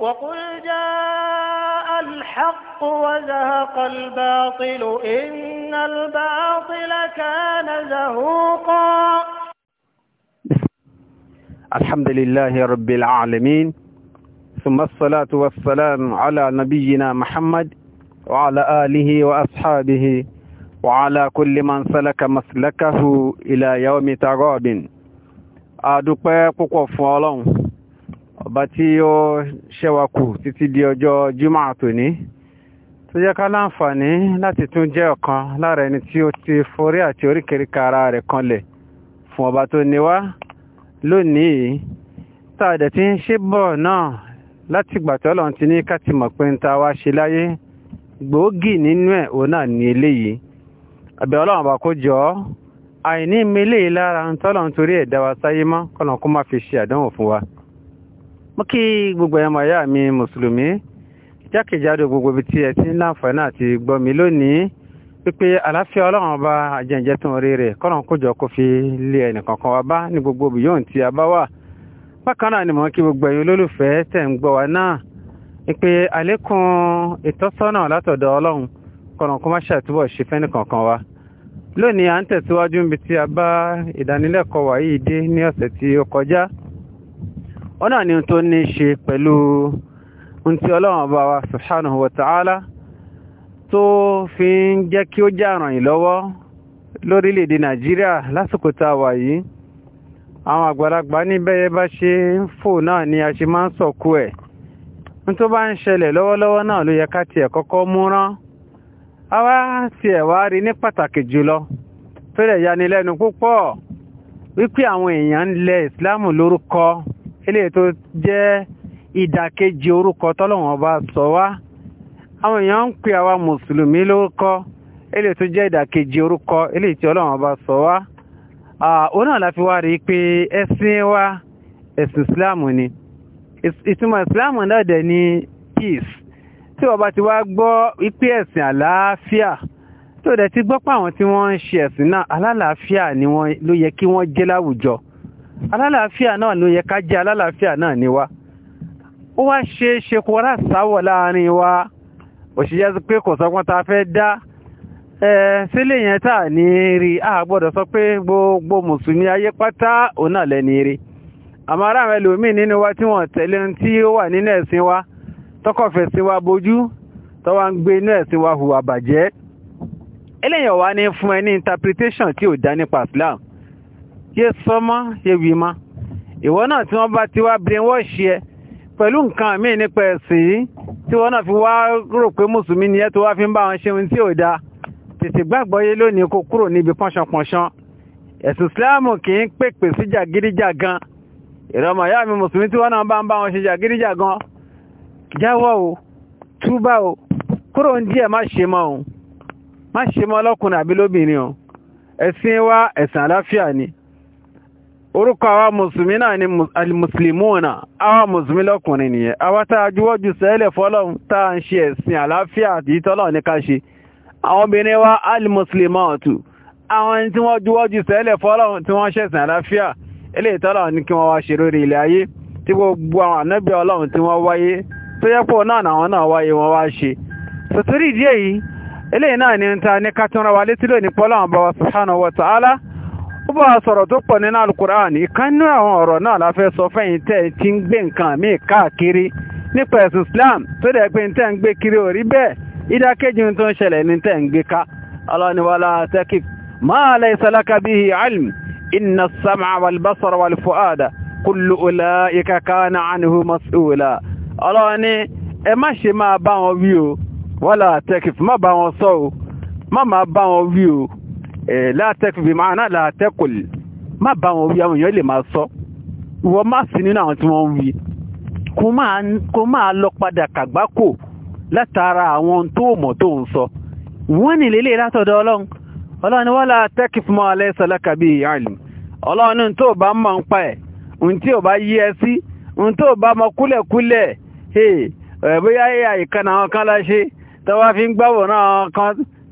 وقل جاء الحق وزهق الباطل إن الباطل كان زهوقا الحمد لله رب العالمين ثم الصلاة والسلام على نبينا محمد وعلى آله وأصحابه وعلى كل من سلك مسلكه إلى يوم تغاب أدوكي قوة فولون ọba tí ó ṣẹ́wakù títí di ọjọ́ jimá tòní tó jẹ́ ká láǹfààní láti tún jẹ́ ọ̀kan lára ẹni tí ó ti forí àti oríkèéríkà ara rẹ̀ kanlẹ̀ fún ọba tó ní wá lónìí tá a dẹ̀ ti ń ṣe bọ̀ náà láti ìgbà tí Ọlọ́run ti ní ká ti mọ̀ pé ń ta wá ṣe láyé gbòógì nínú ẹ̀ òun náà ní eléyìí àbẹ̀ Ọlọ́run bá kó jọ àìní mi léyìí lára ń tọ́lọ́run torí ẹ̀dá wa sáyé mọ́ kọ́lọ́n kó má fi ṣe àdánwò fún wa mo kí gbogbo ẹ̀yàn màyà mi mùsùlùmí jákèjádò gbogbo ibi tí ẹ ti ń láǹfààní àti gbọ́ mi lónìí pípé àlàáfíà ọlọ́run ọba àjẹǹjẹ́ tó ń rí rẹ̀ kọ́lọ́n kójọ kó fi lé ẹnìkankan wa bá ní gbogbo ibi yóò ti a wà bákan náà ni mo kí gbogbo ẹ̀yin olólùfẹ́ tẹ̀ ń gbọ́ wa náà pípé àlékún ìtọ́sọ́nà látọ̀dọ̀ ọlọ́run kọ́lọ́n kó má ṣàtúbọ̀ ṣe fẹ́nìkankan wa lónìí à ń tẹ̀síwájú níbi tí a bá ìdánilẹ́kọ̀ọ́ wa yìí ní ọ̀sẹ̀ tí ó kọjá ọ̀nà ni tó ní ṣe pẹ̀lú ohun tí ọlọ́wọ̀n ọba wa subhanahu tó fi ń jẹ́ kí ó jàràn yìí lọ́wọ́ lórílẹ̀‐èdè nàìjíríà lásìkò tá a wà yìí àwọn àgbàlagbà ní bẹ́yẹ bá ṣe ń fò náà ni a ṣe máa ń sọ̀kú ẹ̀ tó bá ń ṣẹlẹ̀ lọ́wọ́lọ́wọ́ náà ló yẹ ká tiẹ̀ kọ́kọ́ mú rán wá rí ní pàtàkì jùlọ tó yanilẹ́nu púpọ̀ eléyìí tó jẹ́ ìdàkejì orúkọ tọ́lọ́wọ́n bá sọ wá àwọn èèyàn ń pè àwa mùsùlùmí lórúkọ eléyìí tó jẹ́ ìdàkejì orúkọ eléyìí tí ọlọ́wọ́n bá sọ wá òun náà la fi wá rí i pé ẹ̀sìn wa ẹ̀sìn islam ni ìtumọ̀ islam náà dẹ̀ ni peace tí wọ́n bá ti wá gbọ́ wípé ẹ̀sìn àlàáfíà tó dẹ̀ ti gbọ́ pé àwọn tí wọ́n ń ṣe ẹ̀sìn náà alálàáfíà ni wọ́n ló yẹ kí wọ́n jẹ́ láwùjọ alálàáfíà náà ló yẹ ká jẹ́ alálàáfíà náà ni wá ó wá ṣe é ṣe kó rà sáwọ̀ láàrin wa òṣìṣẹ́ pé kò sọ́gbọ́n tá a fẹ́ dá sílẹ̀ yẹn tá a ní rí a gbọ́dọ̀ sọ pé gbogbo mùsùlùmí ayé pátá òun náà lẹ́ni rí àmọ́ ará àwọn ẹlòmíì nínú wa tí wọ́n tẹ̀lé ohun tí ó wà nínú ẹ̀sìn wa tọkọ̀fẹ̀sìn wa bojú tọ́wọ́ ń gbé inú ẹ̀sìn wa hùwà bàjẹ́ eléyàn wá ní fún ẹ ní interpretation tí ò dá nípa Islam yé sọmọ́ yé wì mọ́ ìwọ náà tí wọ́n bá ti wá brainwash yẹ pẹ̀lú nǹkan míì nípa ẹ̀sìn yìí tí wọ́n náà fi wá rò pé mùsùlùmí ni ẹ́ tó wá fi ń bá wọn ṣe ohun tí ò dáa tètè gbàgbọ́ yé lónìí kó kúrò níbi pọ́nṣanpọ̀nṣan ẹ̀sìn ìsìláàmù kì í pèpè sí jàgídíjàgan ìrọmọ ìyá mi mùsùlùmí tí wọ́n náà bá ń bá wọn ṣe jàgídíjàgan jáwọ́ o túbà o kúrò ń díẹ̀ má ṣe mọ́ o má ṣe mọ́ ọlọ́kùnrin àbí lóbìnrin o ẹ̀sìn wa ẹ̀sìn àlàáfíà ni orúkọ àwa mùsùlùmí náà ni alìmùsùlùmúnà mùsùlùmí lọ́kùnrin nìyẹn àwa tá sẹ́lẹ̀ fọ́lọ́run tá a ń ṣe àlàáfíà àti ní àwọn obìnrin wa alìmùsùlùmọ́ọ̀tù àwọn ẹni tí wọ́n juwọ́jú sẹ́lẹ̀ fọ́lọ́run tí wọ́n ṣẹ̀sìn àlàáfíà ilé ní kí wọ́n wá ṣe ayé tí gbogbo àwọn ọlọ́run tí wọ́n wáyé ó bá sọ̀rọ̀ tó pọ̀ nínú alukur'an ìkánú àwọn ọ̀rọ̀ náà la fẹ́ sọ fẹ́yìn tẹ́ ti ń gbé nǹkan míì káàkiri nípa ẹ̀sùn Islam tó dẹ̀ pé tẹ́ ń gbé kiri òrí bẹ́ẹ̀ ìdákejì tó ń ṣẹlẹ̀ ní tẹ́ ń gbé ká ọlọ́niwàlá tẹ́kì máa laysa laka bihi ilm inna as-sam'a wal-basara wal látẹ́kù bí máa náà látẹ́kù má bá wọn wí àwọn máa sọ wọ́n má àwọn tí wọ́n ń wí máa lọ padà kàgbákò látara àwọn tó tó ń sọ wọ́n ní lélẹ̀ látọ̀dọ̀ ọlọ́run ni eh, wọ́n látẹ́kù fún wọn pa kan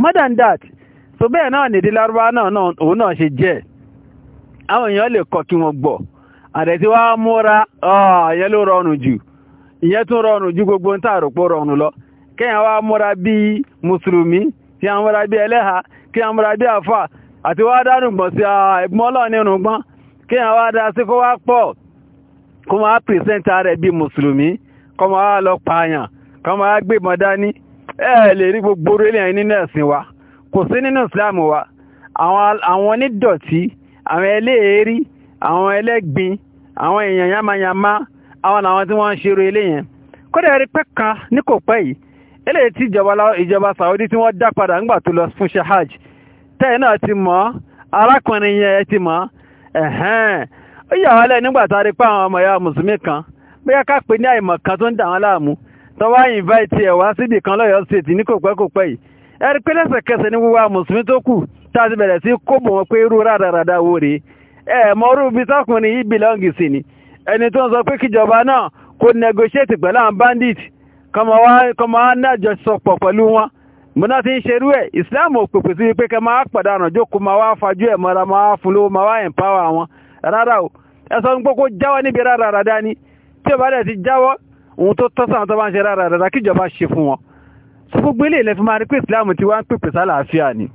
more than that so bẹ́ẹ̀ náà nìdí lárúbá náà òun náà ṣe jẹ́ àwọn èèyàn lè kọ́ kí wọ́n gbọ́ àdẹ̀ tí wọ́n múra ìyẹn ló rọrùn jù ìyẹn tún rọrùn ju gbogbo ń tààrò pó rọrùn lọ kéèyàn wá múra bí mùsùlùmí kí a múra bí ẹlẹ́ha kí a múra bí àfà àti wá dárùngbọ̀n sí ẹ̀gbọ́n ọlọ́ọ̀ni irùngbọ́n kéèyàn wá ẹ lè rí gbogbo orílẹ̀ nínú ẹ̀sìn wa kò sí nínú Islam wa àwọn onídọ̀tí àwọn ẹlẹ́ẹ̀rí àwọn ẹlẹ́gbin àwọn èèyàn yamayama àwọn làwọn tí wọ́n ń ṣeré eléyẹn kódà rí pẹ́ kan ní kò pẹ́ yìí eléyìí tí ìjọba Saudi tí wọ́n dá padà ńgbà tó lọ fún ṣe hajj tẹ́ẹ̀ náà ti mọ̀ arákùnrin yẹn ti mọ̀ a rí pé àwọn ọmọ ìyá mùsùlùmí kan bóyá ká pè ní àìmọ̀ kan tó ń dà tó wá invite ẹ̀ wá síbì kan lọ́yọ́ state ní kòpẹ́kòpẹ́ yìí ẹ̀rí pé lẹ́sẹ̀kẹsẹ̀ ní wíwá mùsùlùmí tó kù tá a ti bẹ̀rẹ̀ sí kóbò wọn pé irú rádaràda wo rèé ẹ̀ mọ́rú bí tọkùnrin yìí bìlọ́ǹgì sí ni ẹni tó ń sọ pé kíjọba náà kò negotiate pẹ̀lú àwọn bandit kọmọ wá nájọsọpọ̀ pẹ̀lú wọn múná ti ń ṣerú ẹ̀ islam ò pèpè sí pé kẹ máa pàdánù jókòó máa wá fajú ẹ̀ mọ́ra máa fún lówó máa wá empower wọn rárá o ẹ sọ pé kó jáwọ́ níbi rádaràda ni tí ò bá dẹ̀ ti jáwọ́ ohun tó tọ́sàn tó bá ń ṣe rárá rárá kíjọba ṣe fún wọn so gbogbo ilé ilẹ̀ fi máa rí pé ìsìláàmù ti wá ń pèpè sálàáfíà ni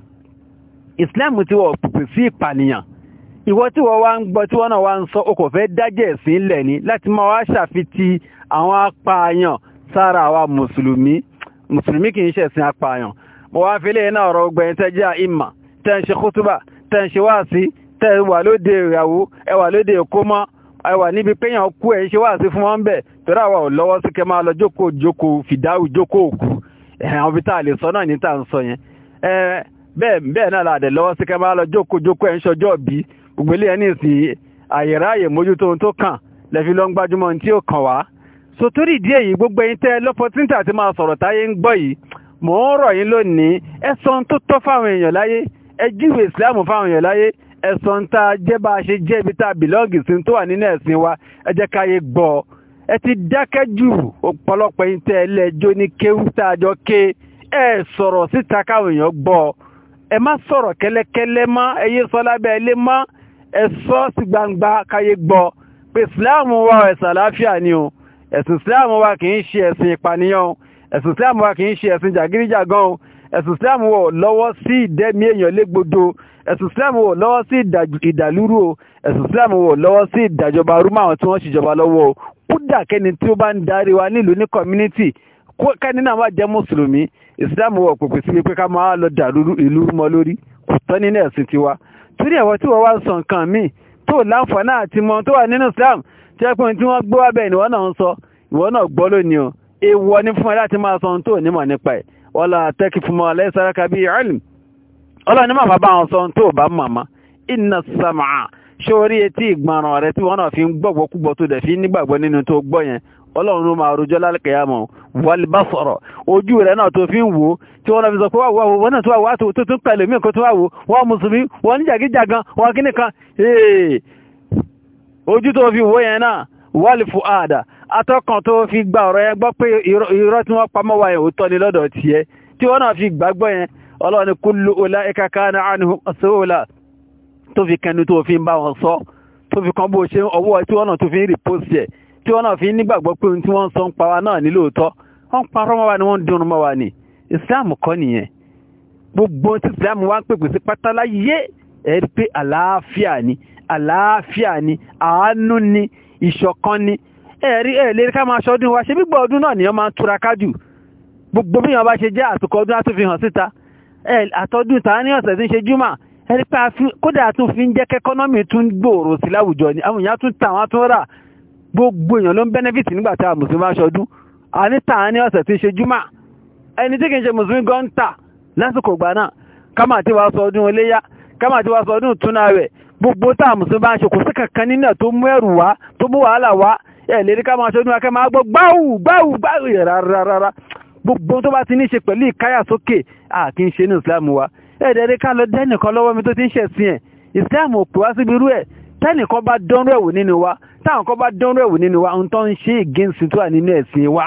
ìsìláàmù ti wọ̀ pèpè sí ìpànìyàn ìwọ tí wọ́n wá ń gbọ́ tí wọ́n náà wá ń sọ okò fẹ́ dájẹ́ ẹ̀sìn ilẹ̀ ni láti máa wá ṣàfitì àwọn apààyàn sára àwa mùsùlùmí mùsùlùmí kì í ṣẹ̀sìn apààyàn mo wá fi léyìn náà ọ̀rọ̀ ọgbẹ̀yìn tẹ́ jẹ́ tẹ́ ń ṣe kútúbà tẹ́ ń ṣe wáàsí tẹ́ wà lóde ìyàwó ẹ wà lóde ìkómọ́ àìwà níbi péyàn kú ẹ̀ ṣe wá sí fún wọn bẹ̀ torí àwa ò lọ́wọ́ sí kẹ máa lọ jókòó jókòó fìdáhù jókòó òkú àwọn ibi tá a lè sọ náà ní tá à ń sọ yẹn bẹ́ẹ̀ bẹ́ẹ̀ náà làdẹ̀ lọ́wọ́ sí kẹ máa lọ jókòó jókòó ẹ̀ ń ṣọjọ́ bí gbogbo ilé ẹni ìsìn àyèráyè mójútó ohun tó kàn lẹ́fi lọ gbájúmọ́ ohun tí ó kàn wá so torí ìdí gbogbo ẹ̀yin tẹ́ lọ́pọ̀tíntì àti máa sọ̀rọ̀ táyé ń gbọ́ yìí mò ń rọ̀ yín lónìí ẹ sọ ohun tó tọ́ fáwọn èèyàn láyé ẹ júwe ìsìláàmù fáwọn èèyàn láyé ẹ̀sán tá a jẹ́ bá a ṣe jẹ́ ibi tá a bìlọ́ọ̀gì sí tó wà nínú ẹ̀sìn wa ẹ jẹ́ káyé gbọ́ ẹ ti dákẹ́ jù ọ̀pọ̀lọpọ̀ yín tẹ́ ẹlẹ́jọ́ ní kéwú tá a jọ ké ẹ sọ̀rọ̀ síta káwọn èèyàn gbọ́ ẹ má sọ̀rọ̀ kẹ́lẹ́kẹ́lẹ́ mọ́ ẹ yé sọ lábẹ́ ilé mọ́ ẹ sọ sí gbangba káyé gbọ́ pé ìsìláàmù wa ẹ̀sìn àlàáfíà ni o ẹ̀sìn ìsìláàmù wa kì í ṣe ẹ̀sìn ìpànìyàn ẹ̀sìn ìsìláàmù wa kì í ṣe ẹ̀sìn jàgídíjàgan ẹ̀sìn ìsìláàmù wa lọ́wọ́ sí ìdẹ́mi èèyàn légbodò ẹ̀sùn Islam wò lọ́wọ́ sí ìdàlúrú o ẹ̀sùn Islam wò lọ́wọ́ sí ìdàjọba rúmọ́ àwọn tí wọ́n ṣèjọba lọ́wọ́ o kódà kẹ́ni tí ó bá ń darí wa nílùú ní community kẹ́ni náà wá jẹ́ mùsùlùmí Islam wò pèpè sí pé ká máa lọ dàrú ìlú mọ́ lórí kò tọ́ nínú ẹ̀sìn tiwa torí ẹ̀wọ́ tí wọ́n wá ń sọ nǹkan míì tó láǹfààní àti mọ tó wà nínú Islam jẹ́ pé tí wọ́n gbé wá bẹ́ẹ̀ ni wọ́n náà ń sọ ìwọ náà gbọ́ lónìí o èèwọ̀ ni fún ẹ láti máa sọ ohun tó nímọ̀ nípa ẹ̀ wọ́n la tẹ́kì fún mọ́ aláìsára kábíyì alim ọlọ́ni máa bá bá wọn sọ tó bá màmá iná sàmà ṣórí etí ìgbọràn rẹ tí wọn náà fi ń gbọ́gbọ́ kúgbọ́ tó dẹ̀ fi ń nígbàgbọ́ nínú tó gbọ́ yẹn ọlọ́run ló máa rojọ́ lálẹ́kẹ̀yàmọ̀ wàlìbá sọ̀rọ̀ ojú rẹ̀ náà tó fi ń wò tí wọ́n fi sọ pé wáwo wọ́n náà tó wà wáto tó tún pẹ̀lú mí kó tó wáwo wọ́n mùsùlùmí wọ́n níjàgíjàgan wọ́n kíní kan ojú tó fi wò yẹn náà wàlìfù àdà atọ́kàn tó fi gba ọ̀rọ̀ yẹn gbọ́ pé irọ́ tí wọ́n pamọ́ wa yẹn òótọ́ ni lọ́dọ̀ tiẹ̀ tí wọ́n náà fi gbàgbọ́ yẹn ọlọ́ni kúlù ọlá ìkàkánà àníhùn sóòlà tó fi kẹnu tó fi ń bá wọn sọ tó fi kan bó ṣe ọwọ́ tí wọ́n náà tó fi ń rìpọ́sì ẹ̀ tí wọ́n náà fi ń nígbàgbọ́ pé ohun tí wọ́n ń sọ ń pa wa náà ní lóòótọ́ wọ́n ń parọ́ mọ́ wa ni wọ́n ń dunrun mọ́ wa ni Islam kọ́ nìyẹn gbogbo tí Islam wá ń pèpè sí pátálá yé ẹ̀rí pé àlàáfíà ni àlàáfíà ni àánú ni ìṣọ̀kan ni ẹ̀rí ẹ̀ lérí ká máa ṣọdún wa ṣe gbígbọ́ ọdún náà nìyẹn máa ń túraká jù gbogbo bí wọn bá ṣe jẹ́ àsìkò ọdún á tún fi hàn síta àtọ́dún tàá ní ọ̀sẹ̀ tí ń ṣe júmà ẹni pé kódà tún fi ń jẹ́ kẹ́kọ́nọ́mì tún gbòòrò sí láwùjọ ni àwọn èèyàn tún tà wọ́n tún rà gbogbo èèyàn ló ń bẹ́nẹ́fìtì nígbà tá a mùsùlùmí aṣọdún àní tàá ní ọ̀sẹ̀ tí ń ṣe júmà ẹni tí kì í ṣe mùsùlùmí gan ń tà lásìkò ìgbà náà kámà tí wàá sọ ọdún iléyá kámà tí wàá sọ ọdún ìtúná rẹ̀ gbogbo tá a mùsùlùmí bá ń ṣe kò sí kankan nínú ẹ̀ tó mú ẹrù wá tó mú wàhálà wá ẹ̀ lérí ká máa ṣọdún akẹ́ máa gbọ́ gbáwù gbáwù gbáwù rárá rárá gbogbo tó bá ti ní ṣe pẹ̀lú ìkáyà sókè à kì í ṣe ní islam wa ẹ̀ẹ́dẹ̀ẹ́dẹ́ ká lọ dẹ́nìkan lọ́wọ́ mi tó ti ń ṣẹ̀sìn ẹ̀ islam ò pè wá síbi irú ẹ̀ tẹ́nìkan bá dánrú ẹ̀wò nínú wa táwọn kan bá dánrú ẹ̀wò nínú wa ohun tó ń ṣe ìgéǹsì tó wà nínú ẹ̀sìn wa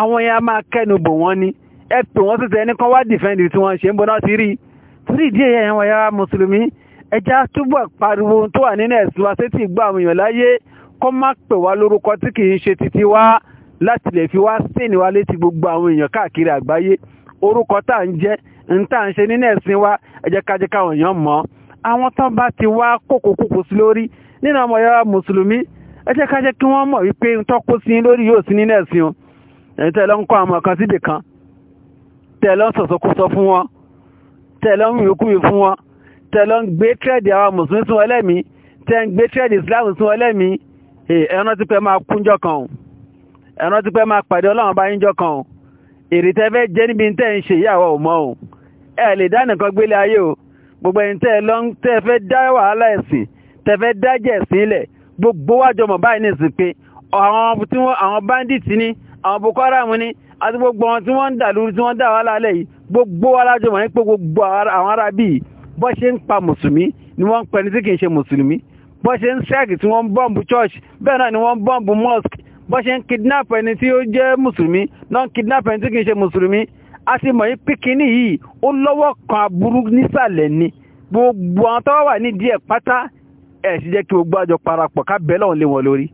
àwọn yẹn a máa kẹ́nu bò wọ́n ni ẹ pè wọ́n síta ẹni kan wá dìfẹ́ǹdì tí wọ́n ṣe ń bọ́ náà ti rí láti lè fi wá sínì wa létí gbogbo àwọn èèyàn káàkiri àgbáyé orúkọ tá à ń jẹ́ ń tá à ń ṣe nínú ẹ̀sìn wa ẹjẹ́kájẹ́ káwọn èèyàn mọ̀ àwọn tán bá ti wá kókòkókò sí lórí nínú ọmọ yàrá mùsùlùmí ẹjẹ́kájẹ́ kí wọ́n mọ̀ wípé ń tọ́kó sí lórí yóò sí nínú ẹ̀sìn o ẹ̀yin tẹ́ lọ ń kọ́ àwọn kan síbì kan tẹ́ lọ ń sọ̀sọ̀kúsọ fún wọn tẹ́ lọ ń yòókùyò fún wọn tẹ́ lọ ń gbé tírẹ̀dì àwọn mùsùlùmí sún ọlẹ́mìí tẹ́ ń gbé tírẹ̀dì ìsìláàmù sún ọlẹ́mìí ẹ̀rọ ti pẹ́ máa kúnjọ́ kan o ẹ̀rọ ti pẹ́ máa pàdé ọlọ́run bá yínjọ́ kan o èrè tẹ́fẹ́ jẹ́ níbi tẹ́ ń ṣe ìyàwó ọ̀mọ́ o ẹ lè dá nìkan gbélé ayé o gbogbo ẹni tẹ́ lọ ń tẹ́fẹ́ dá wàhálà ẹ̀sìn tẹ́fẹ́ dájẹ̀ sílẹ̀ gbogbo wájọ mọ̀ báyìí nìsín pé àwọn tí wọ́n àwọn báńdíìtì ni àwọn Boko Haram ni àti gbogbo wọn tí wọ́n ń dà lórí tí wọ́n dà wàhálà alẹ́ yìí gbogbo alájọ mọ̀ ní gbogbo àwọn ará bọ́ ṣe ń pa mùsùlùmí ni wọ́n ń pẹ́ni tí kì í ṣe mùsùlùmí bọ́ ṣe ń ṣẹ́ẹ̀kì tí wọ́n ń bọ́ǹbù church bẹ́ẹ̀ náà ni wọ́n ń bọ́ǹbù mosque bọ́ ṣe ń kidnap ẹni tí ó jẹ́ mùsùlùmí náà kidnap ẹni tí kìí ṣe mùsùlùmí a ti mọ̀ yí yìí ó lọ́wọ́ kan aburú nísàlẹ̀ ni gbogbo àwọn wà ní díẹ̀ pátá ẹ̀ sì jẹ́ kí gbogbo àjọ parapọ̀ ká bẹ́ẹ̀ lé wọn lórí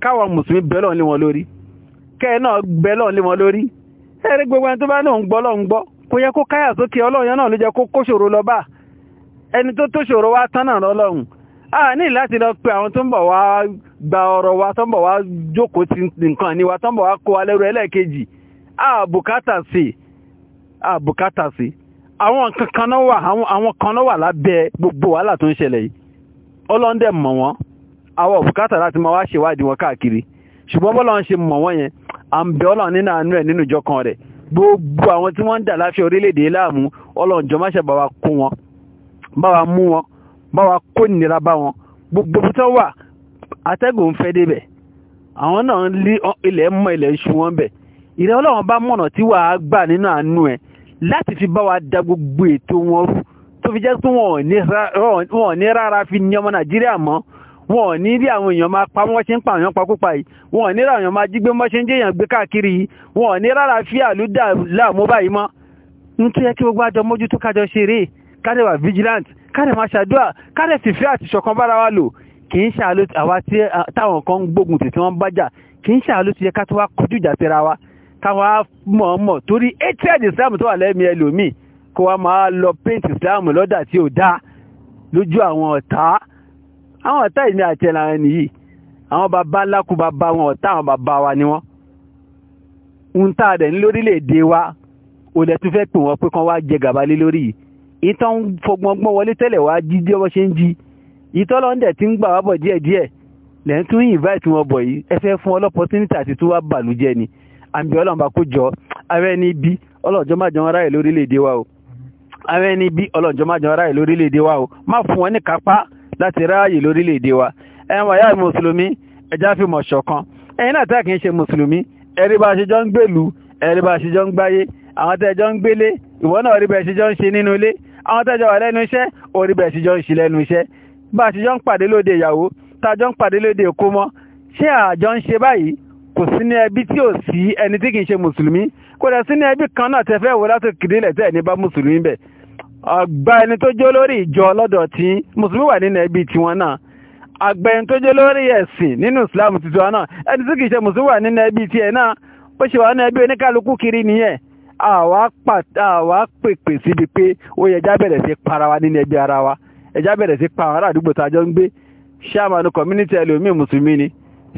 káwọn mùsùlùmí bẹ́ẹ̀ lé wọn lórí kẹ́ẹ̀ gbogbo ẹni tó bá náà ń gbọ́ gbọ́ kò yẹ kó káyà sókè ọlọ́run náà ló jẹ́ kó lọ bá ẹni a ní àwọn tó ń bọ̀ gba ọ̀rọ̀ wa tọ́nbọ̀ wá jókòó ti nǹkan ní wa tọ́nbọ̀ wá kó wa lẹ́rù ẹlẹ́ẹ̀kejì àbùkátà sí àbùkátà sí àwọn kankan náà wà àwọn kan náà wà lábẹ́ gbogbo wàhálà tó ń ṣẹlẹ̀ yìí ọlọ́ndẹ̀ mọ̀ wọ́n àwọn òbùkátà láti máa wá ṣèwádìí wọn káàkiri ṣùgbọ́n bọ́lá ń ṣe mọ̀ wọ́n yẹn à ń bẹ ọlọ́run nínú àánú ẹ̀ nínú ìjọ kan rẹ̀ gbogbo àwọn tí wọ́n ń dà láfíà orílẹ̀-èdè láàmú ọlọ́run jọ máṣe bá wa kó wọn bá wa mú wọn bá wa kó nira bá wọn gbogbo tó wà atẹ́gùn ń fẹ́ débẹ̀ àwọn náà ń lé ilẹ̀ mọ́ ilẹ̀ ń ṣu wọn bẹ̀ ìrẹ́ ọlọ́run bá mọ̀nà tí wàá gbà nínú àánú ẹ láti fi bá wa da gbogbo ètò wọn rú tó fi jẹ́ pé wọn ò ní rárá fi ní ọmọ nàìjíríà mọ́ wọn ò ní rí àwọn èèyàn máa pa wọ́n ṣe ń pa àwọn pakópa yìí wọn ò ní rárá èèyàn máa jí gbé mọ́ṣẹ́ ń jẹ́yàn gbé káàkiri yìí wọn ò ní rárá fi àlùdà láàmú báyìí mọ́ ń tó yẹ kí gbogbo àjọ mójútó kájọ ṣeré kájọ wà vigilant kájọ máa ṣàdúrà kájọ sì fẹ́ àtìṣọ̀kan bára wa lò kì í ṣàlù àwa tí táwọn kan ń gbógun tì tí wọ́n bá jà kì í ṣàlù ti yẹ ká tó wá kọjú ìjà síra wa káwa mọ̀ọ́mọ̀ torí hatred islam tó wà lẹ́mìí ẹlòmíì kó wa máa lọ paint islam lọ́dà tí ò dáa lójú àwọn ọ̀tá àwọn ọ̀tá ìní àti ẹ̀lànà nìyí àwọn bàbá ńlá kú bàbá wọn ọ̀tá àwọn bàbá wa ni wọ́n ń tà dẹ̀ ní lórílẹ̀‐èdè wa olè tún fẹ́ pè wọ́n pé kán wá jẹ gàba lórí yìí ìtàn ìtọ́lọ́ ń dẹ̀ ti ń gbà wá bọ̀ díẹ̀díẹ̀ lẹ́ ń tún invite wọn bọ̀ yìí ẹ fẹ́ fún ọlọ́pọ̀tínítà àti tó wá bàlújẹ́ ni àmì ọlọ́mọba kó jọ ara ẹni bí ọlọ́jọ́ má jọun aráyè lórílẹ̀‐èdè wa o ara ẹni bí ọlọ́jọ́ má jọun aráyè lórílẹ̀‐èdè wa o má fún wọn ní kápá láti ráàyè lórílẹ̀‐èdè wa ẹ̀yin wàyà mùsùlùmí ẹja fi mọ̀ ṣọ̀kan ẹ̀yin náà tá kì ṣe mùsùlùmí ẹ̀rí bá a ṣe jọ ń gbèlú ẹ̀rí bá a ṣe jọ ń gbáyé àwọn tẹ́ jọ ń gbélé ìwọ náà rí bẹ́ẹ̀ ṣe jọ ń ṣe nínú ilé àwọn tẹ́jọ wà lẹ́nu iṣẹ́ orí bẹ́ẹ̀ ṣe jọ ń ṣe lẹ́nu iṣẹ́ bá a ṣe jọ ń pàdé lóde ìyàwó tá a jọ ń pàdé lóde ìkómọ ṣé àjọ ń ṣe báyìí kò sí ní ẹbí tí ò sí ẹni tí kìí ṣe mùsùlùmí kò dẹ̀ sí ní ẹbí kan náà tẹ fẹ́ wò láti ní bá mùsùlùmí bẹ̀ ẹni tó ìjọ lọ́dọ̀ tiwọn náà àgbà ẹni tó islam tuntun náà ẹni tí ṣe mùsùlùmí wà nínú ẹbí tiẹ̀ náà ó ṣe wà nínú ẹbí oníkálukú kiri nìyẹn àwa pèpè síbi pé ó yẹ jábẹ̀rẹ̀ sí para wa nínú ẹbí ara ẹjá bẹ̀rẹ̀ sí pa àwọn ará àdúgbò tàjọ ń gbé ṣáàmánu community ẹlòmíì mùsùlùmí ni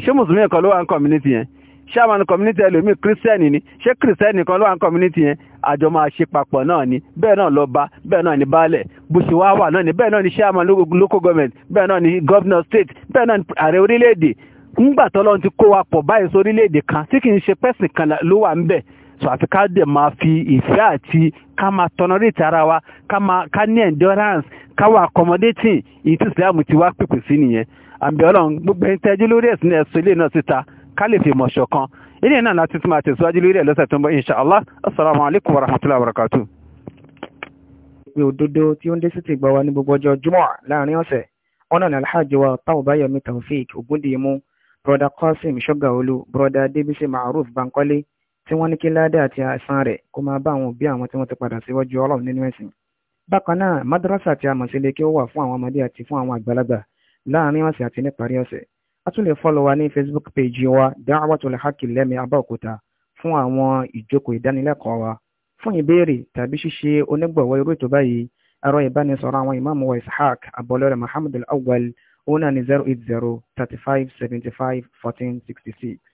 ṣé mùsùlùmí nìkan ló wà ní community yẹn ṣáàmánu community ẹlòmíì kírísítẹ́nì ni ṣé kírísítẹ́nì nìkan ló wà ní community yẹn àjọ máa ṣe papọ̀ náà ni bẹ́ẹ̀ náà lọ́ba bẹ́ẹ̀ náà ni baálẹ̀ bó ṣe wá wà náà ni bẹ́ẹ̀ náà ni ṣáàmánu local government bẹ́ẹ̀ náà ni governor state bẹ́ẹ̀ náà ni ààrẹ orílẹ̀-èdè ńgbà tọ́lọ́run ti kó wa pọ̀ báyìí sórílẹ̀-èdè kan tí kì í ṣe pẹ́sìn kan ló wà ń bẹ̀ so àfi ká dẹ̀ máa fi ìfẹ́ àti ká máa tọ́nọ́rètì ara wa ká máa ká ní endurance ká wà accommodating èyí tí Islam ti wá pèpè sí nìyẹn àbí Ọlọ́run gbogbo ẹni tẹ́jú lórí ẹ̀sìn ẹ̀sùn ilé náà síta ká lè fi mọ̀ ṣọ̀kan ilé náà láti tún máa tẹ̀síwájú lórí ẹ̀ lọ́sẹ̀ tó ń bọ̀ inshallah assalamu alaikum warahmatullahi wabarakatuh pé òdodo tí ó ń dé sí ti gbà wá ní gbogbo ọjọ́ jùmọ̀ láàrin ọ̀sẹ̀ ọ̀nà ní alhaji wa Tawbayomi Taofeek Ogundiyimu broda Qasim Shogaolu Brother Debisi Maruf Bankole tí wọ́n ní kí ládé àti àìsàn rẹ̀ kó máa bá àwọn òbí àwọn tí wọ́n ti padà síwájú ọlọ́run nínú ẹ̀sìn. bákan náà madrasa àti amọ̀sílẹ̀ kí ó wà fún àwọn ọmọdé àti fún àwọn àgbàlagbà láàárín ọ̀sẹ̀ àti níparí ọ̀sẹ̀. a tún lè fọ́lọ̀ wa ní facebook page wa Da'watul Haqi lẹ́mí abáòkúta fún àwọn ìjókòó ìdánilẹ́kọ̀ọ́ wa. fún ìbéèrè tàbí ṣíṣe onígbọ̀wọ́ irú ètò wa Ishaq abọ́lẹ́rẹ̀ Muhammad al-awwal òun zero eight zero thirty five seventy five fourteen sixty six.